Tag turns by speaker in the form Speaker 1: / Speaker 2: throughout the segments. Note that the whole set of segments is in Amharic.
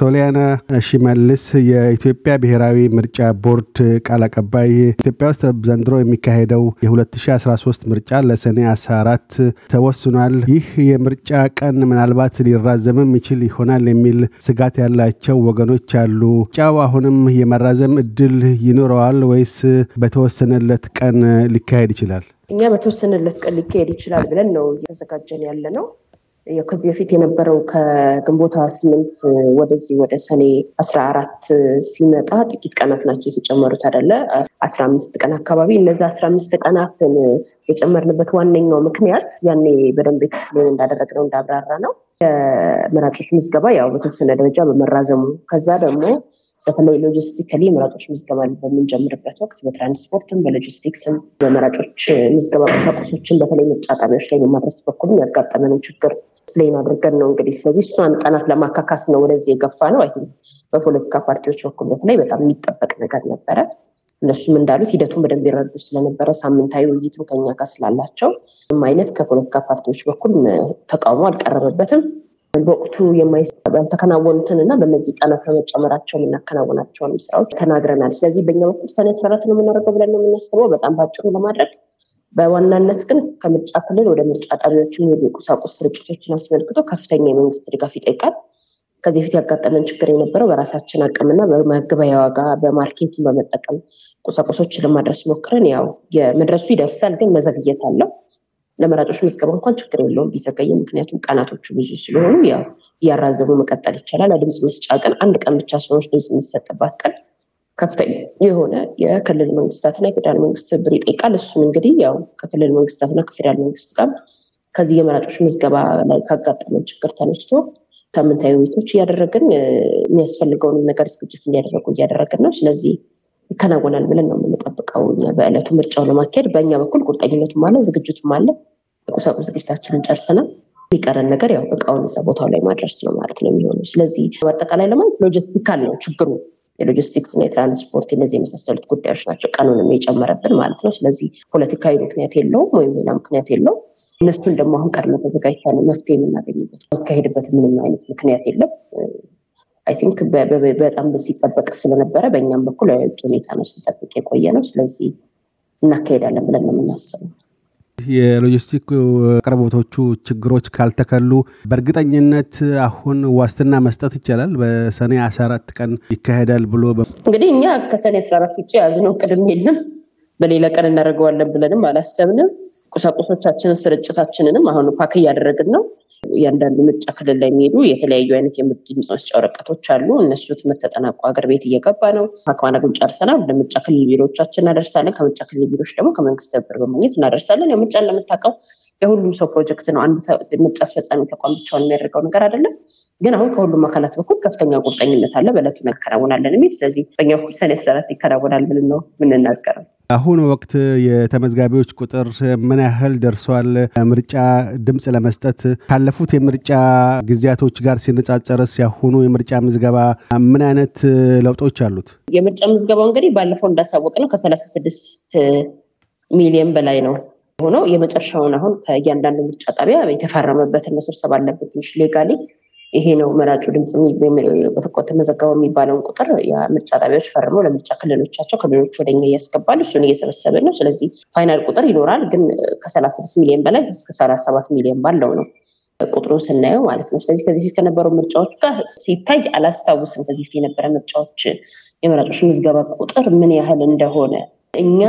Speaker 1: ቶሊያና ሽመልስ የኢትዮጵያ ብሔራዊ ምርጫ ቦርድ ቃል አቀባይ፣ ኢትዮጵያ ውስጥ ዘንድሮ የሚካሄደው የ2013 ምርጫ ለሰኔ 14 ተወስኗል። ይህ የምርጫ ቀን ምናልባት ሊራዘምም ይችል ይሆናል የሚል ስጋት ያላቸው ወገኖች አሉ። ምርጫው አሁንም የመራዘም እድል ይኖረዋል ወይስ በተወሰነለት ቀን ሊካሄድ ይችላል?
Speaker 2: እኛ በተወሰነለት ቀን ሊካሄድ ይችላል ብለን ነው እየተዘጋጀን ያለ ነው። ከዚህ በፊት የነበረው ከግንቦት ስምንት ወደዚህ ወደ ሰኔ አስራ አራት ሲመጣ ጥቂት ቀናት ናቸው የተጨመሩት አይደለ? አስራ አምስት ቀን አካባቢ እነዚ አስራ አምስት ቀናትን የጨመርንበት ዋነኛው ምክንያት ያኔ በደንብ ኤክስፕሌን እንዳደረግነው እንዳብራራ ነው የመራጮች ምዝገባ ያው በተወሰነ ደረጃ በመራዘሙ ከዛ ደግሞ በተለይ ሎጂስቲካሊ መራጮች ምዝገባ በምንጀምርበት ወቅት በትራንስፖርትም በሎጂስቲክስም በመራጮች ምዝገባ ቁሳቁሶችን በተለይ ምርጫ ጣቢያዎች ላይ በማድረስ በኩልም ያጋጠመንን ችግር ፕሌን አድርገን ነው እንግዲህ ስለዚህ እሷን ቀናት ለማካካስ ነው ወደዚህ የገፋ ነው አይ በፖለቲካ ፓርቲዎች በኩል ላይ በጣም የሚጠበቅ ነገር ነበረ እነሱም እንዳሉት ሂደቱን በደንብ ይረዱ ስለነበረ ሳምንታዊ ውይይትም ከኛ ጋር ስላላቸው አይነት ከፖለቲካ ፓርቲዎች በኩል ተቃውሞ አልቀረበበትም በወቅቱ ያልተከናወኑትን እና በነዚህ ቀናት በመጨመራቸው የምናከናወናቸውን ስራዎች ተናግረናል ስለዚህ በኛ በኩል ሰኔ ስረት ነው የምናደርገው ብለን ነው የምናስበው በጣም በአጭሩ ለማድረግ በዋናነት ግን ከምርጫ ክልል ወደ ምርጫ ጣቢያዎች የሚሄዱ የቁሳቁስ ስርጭቶችን አስመልክቶ ከፍተኛ የመንግስት ድጋፍ ይጠይቃል። ከዚህ በፊት ያጋጠመን ችግር የነበረው በራሳችን አቅምና በመግበያ ዋጋ በማርኬቱን በመጠቀም ቁሳቁሶችን ለማድረስ ሞክረን ያው የመድረሱ ይደርሳል፣ ግን መዘግየት አለው። ለመራጮች ምዝገባ እንኳን ችግር የለውም ቢዘገይ፣ ምክንያቱም ቀናቶቹ ብዙ ስለሆኑ ያው እያራዘሙ መቀጠል ይቻላል። ለድምፅ መስጫ ቀን አንድ ቀን ብቻ ስለሆነች ድምፅ የሚሰጥባት ቀን ከፍተኛ የሆነ የክልል መንግስታትና የፌዴራል መንግስት ትብብር ይጠይቃል። እሱም እንግዲህ ያው ከክልል መንግስታትና ከፌዴራል መንግስት ጋር ከዚህ የመራጮች ምዝገባ ላይ ካጋጠመን ችግር ተነስቶ ሳምንታዊ ውይይቶች እያደረግን የሚያስፈልገውን ነገር ዝግጅት እንዲያደረጉ እያደረግን ነው። ስለዚህ ይከናወናል ብለን ነው የምንጠብቀው። በዕለቱ ምርጫው ለማካሄድ በእኛ በኩል ቁርጠኝነቱም አለ፣ ዝግጅቱም አለ። ቁሳቁስ ዝግጅታችንን ጨርሰናል። የሚቀረን ነገር ያው እቃውን እዛ ቦታው ላይ ማድረስ ነው ማለት ነው የሚሆነው። ስለዚህ በአጠቃላይ ለማለት ሎጂስቲካል ነው ችግሩ የሎጂስቲክስ እና የትራንስፖርት እነዚህ የመሳሰሉት ጉዳዮች ናቸው ቀኑንም የጨመረብን ማለት ነው። ስለዚህ ፖለቲካዊ ምክንያት የለውም ወይም ሌላ ምክንያት የለውም። እነሱን ደግሞ አሁን ቀድመ ተዘጋጅተን መፍትሄ የምናገኝበት የሚካሄድበት ምንም አይነት ምክንያት የለም። አይ ቲንክ በጣም ሲጠበቅ ስለነበረ በእኛም በኩል የውጭ ሁኔታ ነው ስንጠብቅ የቆየ ነው። ስለዚህ እናካሄዳለን ብለን ነው የምናስበው።
Speaker 1: የሎጂስቲክ አቅርቦቶቹ ችግሮች ካልተከሉ በእርግጠኝነት አሁን ዋስትና መስጠት ይቻላል። በሰኔ አስራ አራት ቀን ይካሄዳል ብሎ
Speaker 2: እንግዲህ እኛ ከሰኔ አስራ አራት ውጭ የያዝነው ቅድም የለም። በሌላ ቀን እናደርገዋለን ብለንም አላሰብንም። ቁሳቁሶቻችንን ስርጭታችንንም አሁን ፓክ እያደረግን ነው። እያንዳንዱ ምርጫ ክልል ላይ የሚሄዱ የተለያዩ አይነት የድምፅ መስጫ ወረቀቶች አሉ። እነሱ ትምህርት ተጠናቆ ሀገር ቤት እየገባ ነው። ፓክ ማድረግ ምርጫ ለምርጫ ክልል ቢሮዎቻችን እናደርሳለን። ከምርጫ ክልል ቢሮዎች ደግሞ ከመንግስት ብር በማግኘት እናደርሳለን። የምርጫን ምርጫን ለምታውቀው የሁሉም ሰው ፕሮጀክት ነው። አንድ ምርጫ አስፈጻሚ ተቋም ብቻውን የሚያደርገው ነገር አይደለም። ግን አሁን ከሁሉም አካላት በኩል ከፍተኛ ቁርጠኝነት አለ። በለቱ እናከናውናለን የሚል ስለዚህ በኛ ሰኔ አስራ ይከናወናል ብለን ነው የምንናገረው።
Speaker 1: አሁን ወቅት የተመዝጋቢዎች ቁጥር ምን ያህል ደርሷል? ምርጫ ድምፅ ለመስጠት ካለፉት የምርጫ ጊዜያቶች ጋር ሲነጻጸርስ ያሁኑ የምርጫ ምዝገባ ምን አይነት ለውጦች አሉት?
Speaker 2: የምርጫ ምዝገባው እንግዲህ ባለፈው እንዳሳወቅ ነው ከሰላሳ ስድስት ሚሊዮን በላይ ነው ሆነው የመጨረሻውን አሁን ከእያንዳንዱ ምርጫ ጣቢያ የተፈረመበትን መሰብሰብ አለበት ትንሽ ሌጋሊ ይሄ ነው መራጩ ድምፅ ተመዘገበው የሚባለውን ቁጥር የምርጫ ጣቢያዎች ፈርመው ለምርጫ ክልሎቻቸው ክልሎች ወደኛ እያስገባል እሱን እየሰበሰበ ነው። ስለዚህ ፋይናል ቁጥር ይኖራል፣ ግን ከሰላሳ ስድስት ሚሊዮን በላይ እስከ ሰላሳ ሰባት ሚሊዮን ባለው ነው ቁጥሩን ስናየው ማለት ነው። ስለዚህ ከዚህ ፊት ከነበሩ ምርጫዎች ጋር ሲታይ አላስታውስም። ከዚህ ፊት የነበረ ምርጫዎች የመራጮች ምዝገባ ቁጥር ምን ያህል እንደሆነ እኛ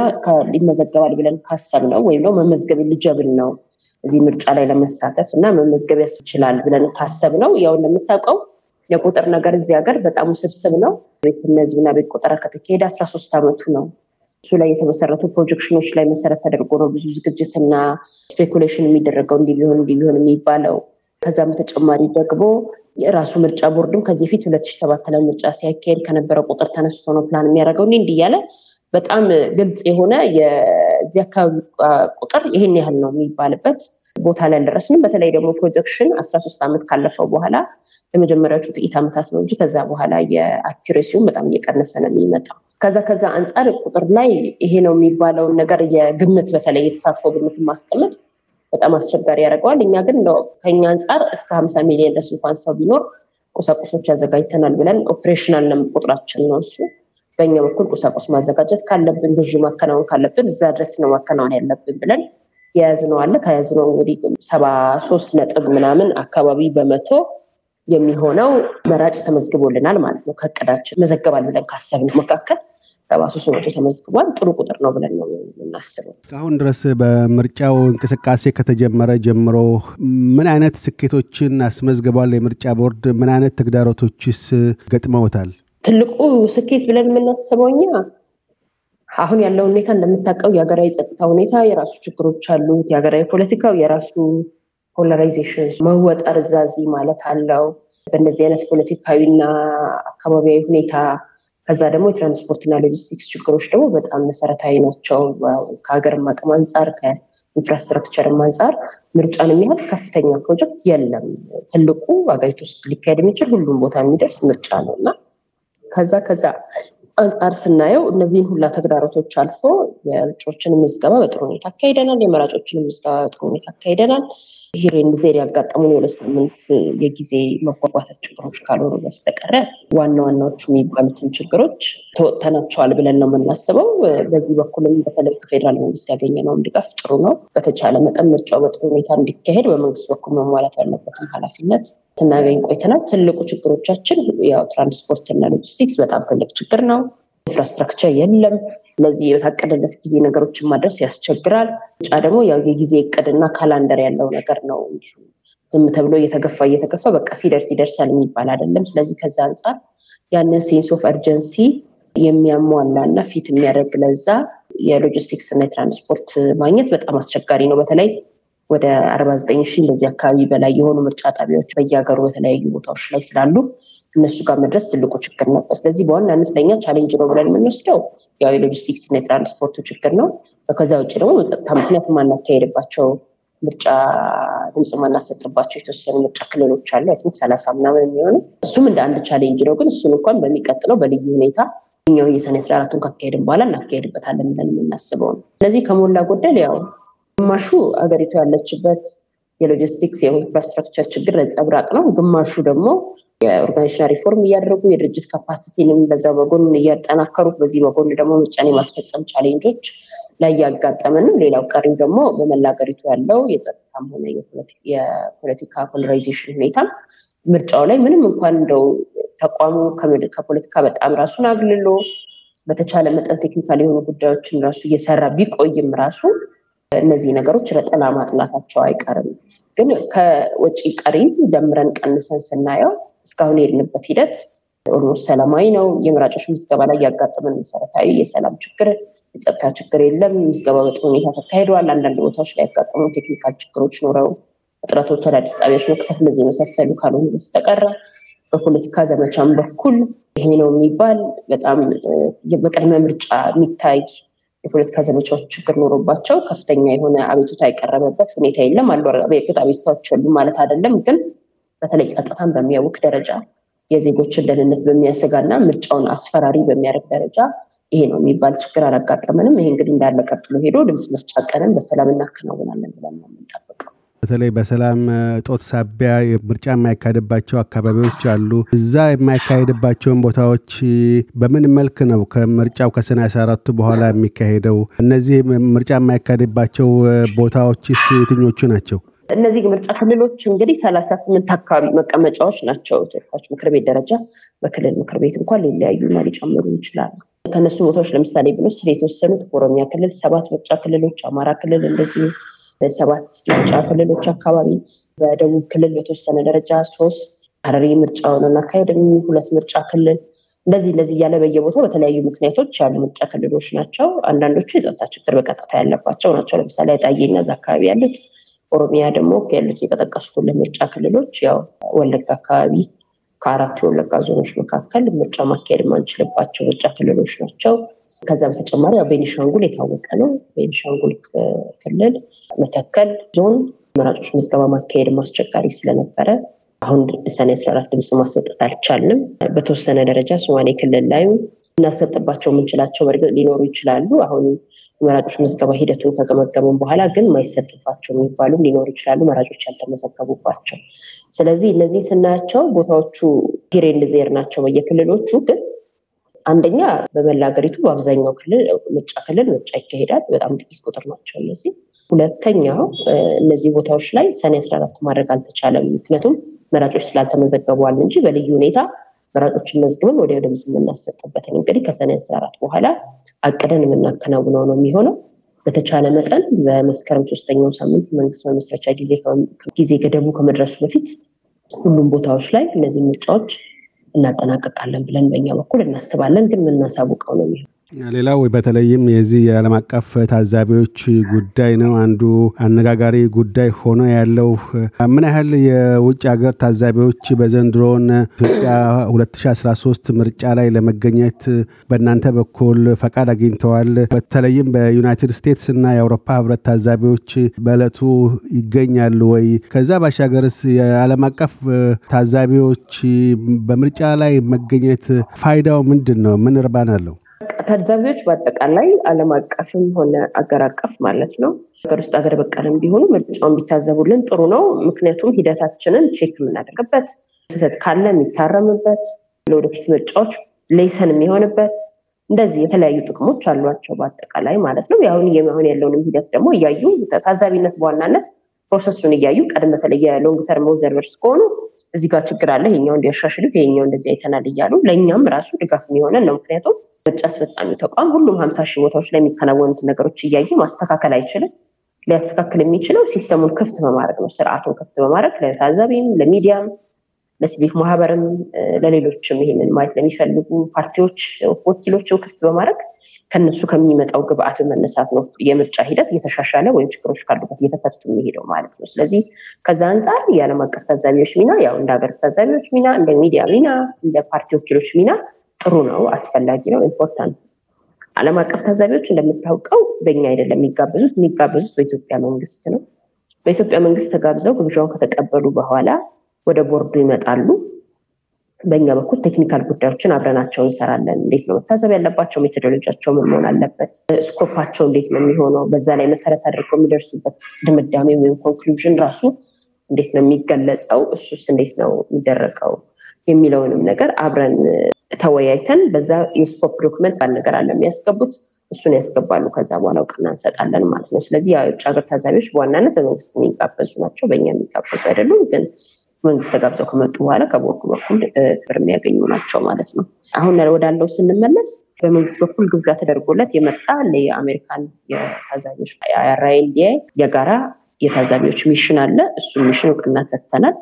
Speaker 2: ሊመዘገባል ብለን ካሰብነው ወይም ደግሞ መመዝገብ ልጀብን ነው እዚህ ምርጫ ላይ ለመሳተፍ እና መመዝገብ ይችላል ብለን ካሰብ ነው ያው እንደምታውቀው የቁጥር ነገር እዚህ ሀገር በጣም ውስብስብ ነው። ቤትነ ህዝብና ቤት ቆጠራ ከተካሄደ አስራ ሶስት ዓመቱ ነው። እሱ ላይ የተመሰረቱ ፕሮጀክሽኖች ላይ መሰረት ተደርጎ ነው ብዙ ዝግጅትና ስፔኩሌሽን የሚደረገው እንዲ ቢሆን እንዲ ቢሆን የሚባለው። ከዛም በተጨማሪ ደግሞ የራሱ ምርጫ ቦርድም ከዚህ ፊት ሁለት ሺ ሰባት ላይ ምርጫ ሲያካሄድ ከነበረው ቁጥር ተነስቶ ነው ፕላን የሚያደርገው እንዲህ እንዲህ እያለ በጣም ግልጽ የሆነ እዚህ አካባቢ ቁጥር ይህን ያህል ነው የሚባልበት ቦታ ላይ አልደረስንም። በተለይ ደግሞ ፕሮጀክሽን አስራ ሶስት ዓመት ካለፈው በኋላ ለመጀመሪያዎቹ ጥቂት ዓመታት ነው እንጂ ከዛ በኋላ የአኪሬሲውን በጣም እየቀነሰ ነው የሚመጣው። ከዛ ከዛ አንጻር ቁጥር ላይ ይሄ ነው የሚባለውን ነገር የግምት በተለይ የተሳትፎ ግምትን ማስቀመጥ በጣም አስቸጋሪ ያደርገዋል። እኛ ግን ከኛ አንጻር እስከ ሀምሳ ሚሊዮን ደስ እንኳን ሰው ቢኖር ቁሳቁሶች ያዘጋጅተናል ብለን ኦፕሬሽናል ቁጥራችን ነው እሱ በእኛ በኩል ቁሳቁስ ማዘጋጀት ካለብን ግዢ ማከናወን ካለብን እዛ ድረስ ነው ማከናወን ያለብን ብለን የያዝነው አለ። ከያዝነው እንግዲህ ሰባ ሶስት ነጥብ ምናምን አካባቢ በመቶ የሚሆነው መራጭ ተመዝግቦልናል ማለት ነው። ከቅዳችን መዘገባል ብለን ካሰብ መካከል ሰባ ሶስት መቶ ተመዝግቧል። ጥሩ ቁጥር ነው ብለን ነው የምናስበው።
Speaker 1: እስካሁን ድረስ በምርጫው እንቅስቃሴ ከተጀመረ ጀምሮ ምን አይነት ስኬቶችን አስመዝግቧል የምርጫ ቦርድ? ምን አይነት ተግዳሮቶችስ ገጥመውታል?
Speaker 2: ትልቁ ስኬት ብለን የምናስበው እኛ አሁን ያለው ሁኔታ እንደምታውቀው የሀገራዊ ጸጥታ ሁኔታ የራሱ ችግሮች አሉት። የሀገራዊ ፖለቲካው የራሱ ፖላራይዜሽን መወጠር እዛዚ ማለት አለው። በእነዚህ አይነት ፖለቲካዊና አካባቢያዊ ሁኔታ ከዛ ደግሞ የትራንስፖርትና ሎጂስቲክስ ችግሮች ደግሞ በጣም መሰረታዊ ናቸው። ከሀገር አቅም አንጻር ከኢንፍራስትራክቸርም አንጻር ምርጫን የሚያህል ከፍተኛ ፕሮጀክት የለም። ትልቁ አገሪቱ ውስጥ ሊካሄድ የሚችል ሁሉም ቦታ የሚደርስ ምርጫ ነው እና ከዛ ከዛ አንጻር ስናየው እነዚህን ሁላ ተግዳሮቶች አልፎ የእጩዎችን ምዝገባ በጥሩ ሁኔታ አካሂደናል። የመራጮችን ምዝገባ በጥሩ ሁኔታ አካሂደናል። ሄሬን ዜር ያጋጠሙን የሁለት ሳምንት የጊዜ መጓጓታት ችግሮች ካልሆኑ በስተቀረ ዋና ዋናዎቹ የሚባሉትን ችግሮች ተወጥተናቸዋል ብለን ነው የምናስበው። በዚህ በኩልም በተለይ ከፌዴራል መንግስት ያገኘነውን ድጋፍ ጥሩ ነው። በተቻለ መጠን ምርጫው በጥሩ ሁኔታ እንዲካሄድ በመንግስት በኩል መሟላት ያለበትን ኃላፊነት ስናገኝ ቆይተናል። ትልቁ ችግሮቻችን ያው ትራንስፖርትና ሎጂስቲክስ በጣም ትልቅ ችግር ነው። ኢንፍራስትራክቸር የለም። ለዚህ የታቀደለት ጊዜ ነገሮችን ማድረስ ያስቸግራል። ጫ ደግሞ ያው የጊዜ እቅድና ካላንደር ያለው ነገር ነው። ዝም ተብሎ እየተገፋ እየተገፋ በቃ ሲደርስ ይደርሳል የሚባል አይደለም። ስለዚህ ከዛ አንጻር ያንን ሴንስ ኦፍ እርጀንሲ የሚያሟላ እና ፊት የሚያደርግ ለዛ የሎጂስቲክስ እና የትራንስፖርት ማግኘት በጣም አስቸጋሪ ነው። በተለይ ወደ አርባ ዘጠኝ ሺህ እንደዚህ አካባቢ በላይ የሆኑ ምርጫ ጣቢያዎች በየሀገሩ በተለያዩ ቦታዎች ላይ ስላሉ እነሱ ጋር መድረስ ትልቁ ችግር ነበር። ስለዚህ በዋናነት ለኛ ቻሌንጅ ነው ብለን የምንወስደው ያው የሎጂስቲክስ እና የትራንስፖርቱ ችግር ነው። ከዛ ውጭ ደግሞ በጸጥታ ምክንያት ማናካሄድባቸው ምርጫ ድምፅ ማናሰጥባቸው የተወሰኑ ምርጫ ክልሎች አሉ። አይ ቲንክ ሰላሳ ምናምን የሚሆኑ እሱም እንደ አንድ ቻሌንጅ ነው። ግን እሱን እንኳን በሚቀጥለው በልዩ ሁኔታ ኛው የሰኔ አስራ አራቱን ካካሄድን በኋላ እናካሄድበታለን ብለን የምናስበው ነው። ስለዚህ ከሞላ ጎደል ያው ግማሹ አገሪቱ ያለችበት የሎጂስቲክስ የኢንፍራስትራክቸር ችግር ነጸብራቅ ነው። ግማሹ ደግሞ የኦርጋኒሽና ሪፎርም እያደረጉ የድርጅት ካፓሲቲንም በዛ በጎን እያጠናከሩ በዚህ በጎን ደግሞ ምጫን የማስፈጸም ቻሌንጆች ላይ ያጋጠመ ነው። ሌላው ቀሪው ደግሞ በመላ ሀገሪቱ ያለው የጸጥታም ሆነ የፖለቲካ ፖለራይዜሽን ሁኔታ ምርጫው ላይ ምንም እንኳን እንደው ተቋሙ ከፖለቲካ በጣም ራሱን አግልሎ በተቻለ መጠን ቴክኒካል የሆኑ ጉዳዮችን ራሱ እየሰራ ቢቆይም ራሱ እነዚህ ነገሮች ረጠላ ማጥላታቸው አይቀርም። ግን ከወጪ ቀሪ ደምረን ቀንሰን ስናየው እስካሁን የሄድንበት ሂደት ኦልሞስት ሰላማዊ ነው። የምራጮች ምዝገባ ላይ ያጋጠመን መሰረታዊ የሰላም ችግር፣ የጸጥታ ችግር የለም። ምዝገባ በጥሩ ሁኔታ ተካሂደዋል። አንዳንድ ቦታዎች ላይ ያጋጠሙ ቴክኒካል ችግሮች ኖረው እጥረቶች ወዳዲስ ጣቢያዎች መክፈት እነዚህ የመሳሰሉ ካልሆኑ በስተቀረ በፖለቲካ ዘመቻም በኩል ይሄ ነው የሚባል በጣም በቅድመ ምርጫ የሚታይ የፖለቲካ ዘመቻዎች ችግር ኖሮባቸው ከፍተኛ የሆነ አቤቱታ የቀረበበት ሁኔታ የለም። አሉ። በእርግጥ አቤቱታዎች የሉም ማለት አይደለም፣ ግን በተለይ ጸጥታን በሚያውቅ ደረጃ የዜጎችን ደህንነት በሚያሰጋና ምርጫውን አስፈራሪ በሚያደርግ ደረጃ ይሄ ነው የሚባል ችግር አላጋጠመንም። ይሄ እንግዲህ እንዳለ ቀጥሎ ሄዶ ድምፅ መስጫ ቀንን በሰላም እናከናውናለን ብለን ነው የምንጠብቀው።
Speaker 1: በተለይ በሰላም እጦት ሳቢያ ምርጫ የማይካሄድባቸው አካባቢዎች አሉ። እዛ የማይካሄድባቸውን ቦታዎች በምን መልክ ነው ከምርጫው ከሰኔ አስራ አራቱ በኋላ የሚካሄደው? እነዚህ ምርጫ የማይካሄድባቸው ቦታዎችስ የትኞቹ ናቸው?
Speaker 2: እነዚህ ምርጫ ክልሎች እንግዲህ ሰላሳ ስምንት አካባቢ መቀመጫዎች ናቸው። ተወካዮች ምክር ቤት ደረጃ በክልል ምክር ቤት እንኳን ሊለያዩና ሊጨምሩ ይችላሉ። ከነሱ ቦታዎች ለምሳሌ ብንወስድ የተወሰኑት ኦሮሚያ ክልል ሰባት ምርጫ ክልሎች፣ አማራ ክልል እንደዚሁ ሰባት ምርጫ ክልሎች አካባቢ፣ በደቡብ ክልል በተወሰነ ደረጃ ሶስት ሀረሪ ምርጫውን እናካሄድም ሁለት ምርጫ ክልል እንደዚህ እንደዚህ እያለ በየቦታው በተለያዩ ምክንያቶች ያሉ ምርጫ ክልሎች ናቸው። አንዳንዶቹ የጸጥታ ችግር በቀጥታ ያለባቸው ናቸው። ለምሳሌ አይጣዬ እና አካባቢ ያሉት ኦሮሚያ ደግሞ ያሉት የተጠቀሱት ለምርጫ ክልሎች ያው ወለጋ አካባቢ ከአራት የወለጋ ዞኖች መካከል ምርጫ ማካሄድ ማንችልባቸው ምርጫ ክልሎች ናቸው። ከዛ በተጨማሪ ቤኒሻንጉል የታወቀ ነው። ቤኒሻንጉል ክልል መተከል ዞን መራጮች ምዝገባ ማካሄድ ማስቸጋሪ ስለነበረ አሁን ሰኔ አስራ አራት ድምፅ ማሰጠት አልቻልንም። በተወሰነ ደረጃ ሶማሌ ክልል ላይ እናሰጥባቸው የምንችላቸው በእርግጥ ሊኖሩ ይችላሉ። አሁን መራጮች ምዝገባ ሂደቱን ከገመገሙም በኋላ ግን ማይሰጥባቸው የሚባሉም ሊኖሩ ይችላሉ፣ መራጮች ያልተመዘገቡባቸው። ስለዚህ እነዚህ ስናያቸው ቦታዎቹ ፒሬንድ ዜር ናቸው በየክልሎቹ ግን አንደኛ በመላ ሀገሪቱ በአብዛኛው ክልል ምርጫ ክልል ምርጫ ይካሄዳል። በጣም ጥቂት ቁጥር ናቸው እነዚህ። ሁለተኛው እነዚህ ቦታዎች ላይ ሰኔ አስራ አራት ማድረግ አልተቻለም፣ ምክንያቱም መራጮች ስላልተመዘገበዋል እንጂ በልዩ ሁኔታ መራጮችን መዝግበን ወዲያ ድምፅ የምናሰጥበትን እንግዲህ ከሰኔ አስራ በኋላ አቅደን የምናከናውነው ነው የሚሆነው። በተቻለ መጠን በመስከረም ሶስተኛው ሳምንት መንግስት መመስረቻ ጊዜ ገደቡ ከመድረሱ በፊት ሁሉም ቦታዎች ላይ እነዚህ ምርጫዎች እናጠናቀቃለን ብለን በእኛ በኩል እናስባለን። ግን የምናሳውቀው ነው የሚሆነው።
Speaker 1: ሌላው በተለይም የዚህ የዓለም አቀፍ ታዛቢዎች ጉዳይ ነው። አንዱ አነጋጋሪ ጉዳይ ሆኖ ያለው ምን ያህል የውጭ ሀገር ታዛቢዎች በዘንድሮን ኢትዮጵያ 2013 ምርጫ ላይ ለመገኘት በእናንተ በኩል ፈቃድ አግኝተዋል? በተለይም በዩናይትድ ስቴትስ እና የአውሮፓ ህብረት ታዛቢዎች በእለቱ ይገኛሉ ወይ? ከዛ ባሻገርስ የዓለም አቀፍ ታዛቢዎች በምርጫ ላይ መገኘት ፋይዳው ምንድን ነው? ምን እርባና አለው?
Speaker 2: ታዛቢዎች በአጠቃላይ አለም አቀፍም ሆነ አገር አቀፍ ማለት ነው ሀገር ውስጥ ሀገር በቀልም ቢሆኑ ምርጫውን ቢታዘቡልን ጥሩ ነው። ምክንያቱም ሂደታችንን ቼክ የምናደርግበት ስህተት ካለ የሚታረምበት ለወደፊት ምርጫዎች ሌሰን የሚሆንበት እንደዚህ የተለያዩ ጥቅሞች አሏቸው በአጠቃላይ ማለት ነው። ያሁን የመሆን ያለውንም ሂደት ደግሞ እያዩ ታዛቢነት በዋናነት ፕሮሰሱን እያዩ ቀድም በተለየ ሎንግ ተርም ኦብዘርቨርስ ከሆኑ እዚህ ጋር ችግር አለ፣ ይኛው እንዲያሻሽሉት፣ ይኛው እንደዚህ አይተናል እያሉ ለእኛም ራሱ ድጋፍ የሚሆነን ነው። ምክንያቱም ምርጫ አስፈጻሚ ተቋም ሁሉም ሀምሳ ሺህ ቦታዎች ላይ የሚከናወኑት ነገሮች እያየ ማስተካከል አይችልም። ሊያስተካክል የሚችለው ሲስተሙን ክፍት በማድረግ ነው። ስርዓቱን ክፍት በማድረግ ለታዛቢም፣ ለሚዲያም፣ ለሲቪክ ማህበርም፣ ለሌሎችም ይሄንን ማየት ለሚፈልጉ ፓርቲዎች ወኪሎችም ክፍት በማድረግ ከነሱ ከሚመጣው ግብአት በመነሳት ነው የምርጫ ሂደት እየተሻሻለ ወይም ችግሮች ካሉበት እየተፈቱ የሚሄደው ማለት ነው። ስለዚህ ከዛ አንጻር የዓለም አቀፍ ታዛቢዎች ሚና ያው እንደ ሀገር ታዛቢዎች ሚና፣ እንደ ሚዲያ ሚና፣ እንደ ፓርቲ ወኪሎች ሚና ጥሩ ነው፣ አስፈላጊ ነው፣ ኢምፖርታንት ዓለም አቀፍ ታዛቢዎች እንደምታውቀው በኛ አይደለም የሚጋበዙት፣ የሚጋበዙት በኢትዮጵያ መንግስት ነው። በኢትዮጵያ መንግስት ተጋብዘው ግብዣውን ከተቀበሉ በኋላ ወደ ቦርዱ ይመጣሉ። በእኛ በኩል ቴክኒካል ጉዳዮችን አብረናቸው እንሰራለን። እንዴት ነው መታዘብ ያለባቸው? ሜቶዶሎጂያቸው ምን መሆን አለበት? ስኮፓቸው እንዴት ነው የሚሆነው? በዛ ላይ መሰረት አድርገው የሚደርሱበት ድምዳሜ ወይም ኮንክሉዥን ራሱ እንዴት ነው የሚገለጸው? እሱስ እንዴት ነው የሚደረገው? የሚለውንም ነገር አብረን ተወያይተን በዛ የስኮፕ ዶክመንት ባል ነገር አለ የሚያስገቡት እሱን ያስገባሉ። ከዛ በኋላ እውቅና እንሰጣለን ማለት ነው። ስለዚህ የውጭ ሀገር ታዛቢዎች በዋናነት በመንግስት የሚጋበዙ ናቸው። በእኛ የሚጋበዙ አይደሉም ግን መንግስት ተጋብዘው ከመጡ በኋላ ከቦርዱ በኩል ትብር የሚያገኙ ናቸው ማለት ነው። አሁን ወዳለው ስንመለስ በመንግስት በኩል ግብዣ ተደርጎለት የመጣ የአሜሪካን የታዛቢዎች የጋራ የታዛቢዎች ሚሽን አለ። እሱ ሚሽን እውቅና ሰጥተናል።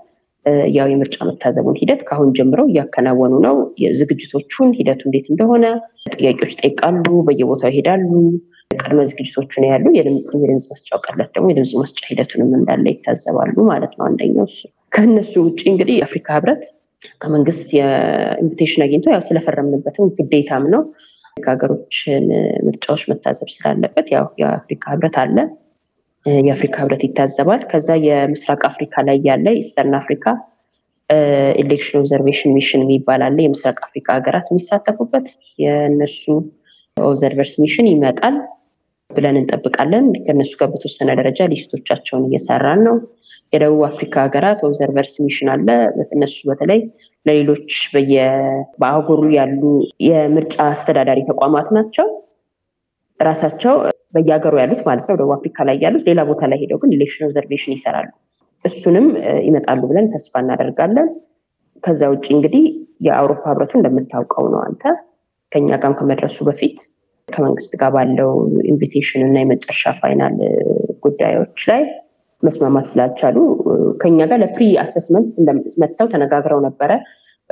Speaker 2: ያው የምርጫ መታዘቡን ሂደት ከአሁን ጀምሮ እያከናወኑ ነው። ዝግጅቶቹን ሂደቱ እንዴት እንደሆነ ጥያቄዎች ይጠይቃሉ፣ በየቦታው ይሄዳሉ። ቅድመ ዝግጅቶቹ ነው ያሉ። የድምፅ የድምፅ መስጫው ቀለት ደግሞ የድምፅ መስጫ ሂደቱንም እንዳለ ይታዘባሉ ማለት ነው። አንደኛው እሱ። ከእነሱ ውጭ እንግዲህ የአፍሪካ ህብረት ከመንግስት የኢንቪቴሽን አግኝቶ ያው ስለፈረምንበትም ግዴታም ነው ሀገሮችን ምርጫዎች መታዘብ ስላለበት ያው የአፍሪካ ህብረት አለ የአፍሪካ ህብረት ይታዘባል። ከዛ የምስራቅ አፍሪካ ላይ ያለ ኢስተርን አፍሪካ ኤሌክሽን ኦብዘርቬሽን ሚሽን የሚባል አለ። የምስራቅ አፍሪካ ሀገራት የሚሳተፉበት የእነሱ ኦብዘርቨርስ ሚሽን ይመጣል ብለን እንጠብቃለን። ከእነሱ ጋር በተወሰነ ደረጃ ሊስቶቻቸውን እየሰራን ነው። የደቡብ አፍሪካ ሀገራት ኦብዘርቨርስ ሚሽን አለ። እነሱ በተለይ ለሌሎች በአህጉሩ ያሉ የምርጫ አስተዳዳሪ ተቋማት ናቸው። ራሳቸው በየሀገሩ ያሉት ማለት ነው ደቡብ አፍሪካ ላይ ያሉት ሌላ ቦታ ላይ ሄደው ግን ኢሌክሽን ኦብዘርቬሽን ይሰራሉ። እሱንም ይመጣሉ ብለን ተስፋ እናደርጋለን። ከዛ ውጭ እንግዲህ የአውሮፓ ህብረቱ እንደምታውቀው ነው አንተ ከኛ ጋርም ከመድረሱ በፊት ከመንግስት ጋር ባለው ኢንቪቴሽን እና የመጨረሻ ፋይናል ጉዳዮች ላይ መስማማት ስላልቻሉ ከኛ ጋር ለፕሪ አሰስመንት መጥተው ተነጋግረው ነበረ።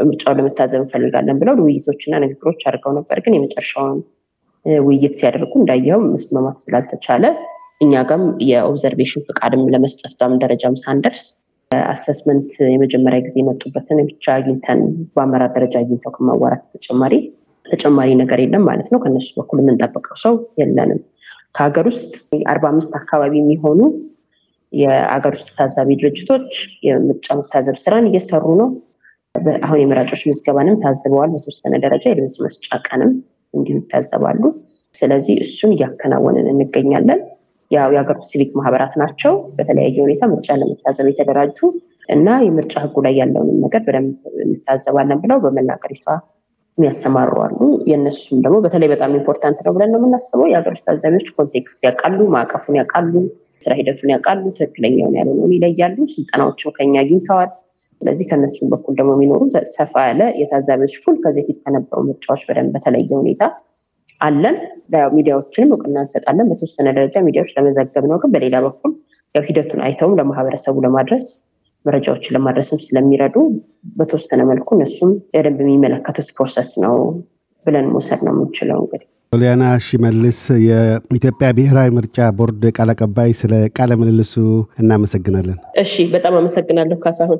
Speaker 2: ምርጫውን ለመታዘብ እንፈልጋለን ብለው ውይይቶችና ንግግሮች አድርገው ነበር። ግን የመጨረሻውን ውይይት ሲያደርጉ እንዳየው መስማማት ስላልተቻለ እኛ ጋም የኦብዘርቬሽን ፈቃድም ለመስጠት ደረጃም ሳንደርስ አሰስመንት የመጀመሪያ ጊዜ የመጡበትን ብቻ አግኝተን በአመራር ደረጃ አግኝተው ከማዋራት ተጨማሪ ተጨማሪ ነገር የለም ማለት ነው። ከነሱ በኩል የምንጠብቀው ሰው የለንም። ከሀገር ውስጥ አርባ አምስት አካባቢ የሚሆኑ የአገር ውስጥ ታዛቢ ድርጅቶች የምርጫ መታዘብ ስራን እየሰሩ ነው። አሁን የመራጮች ምዝገባንም ታዝበዋል በተወሰነ ደረጃ የድምፅ መስጫ ቀንም እንዲሁ ይታዘባሉ። ስለዚህ እሱን እያከናወንን እንገኛለን። ያው የሀገር ውስጥ ሲቪክ ማህበራት ናቸው። በተለያየ ሁኔታ ምርጫ ለመታዘብ የተደራጁ እና የምርጫ ህጉ ላይ ያለውንም ነገር በደንብ እንታዘባለን ብለው በመናገሪቷ ሀገሪቷ የሚያሰማሩ አሉ። የእነሱም ደግሞ በተለይ በጣም ኢምፖርታንት ነው ብለን ነው የምናስበው። የሀገር ውስጥ ታዛቢዎች ኮንቴክስት ያውቃሉ፣ ማዕቀፉን ያውቃሉ፣ ስራ ሂደቱን ያውቃሉ፣ ትክክለኛውን ያልሆነውን ይለያሉ። ስልጠናዎችም ከኛ አግኝተዋል። ስለዚህ ከነሱም በኩል ደግሞ የሚኖሩ ሰፋ ያለ የታዛቢዎች ፑል ከዚህ ፊት ከነበሩ ምርጫዎች በደንብ በተለየ ሁኔታ አለን። ሚዲያዎችንም እውቅና እንሰጣለን። በተወሰነ ደረጃ ሚዲያዎች ለመዘገብ ነው፣ ግን በሌላ በኩል ያው ሂደቱን አይተውም ለማህበረሰቡ ለማድረስ መረጃዎችን ለማድረስም ስለሚረዱ በተወሰነ መልኩ እነሱም በደንብ የሚመለከቱት ፕሮሰስ ነው ብለን መውሰድ ነው የምንችለው እንግዲህ
Speaker 1: ሶሊያና ሽመልስ የኢትዮጵያ ብሔራዊ ምርጫ ቦርድ ቃል አቀባይ፣ ስለ ቃለ ምልልሱ እናመሰግናለን።
Speaker 2: እሺ፣ በጣም አመሰግናለሁ ካሳሁን።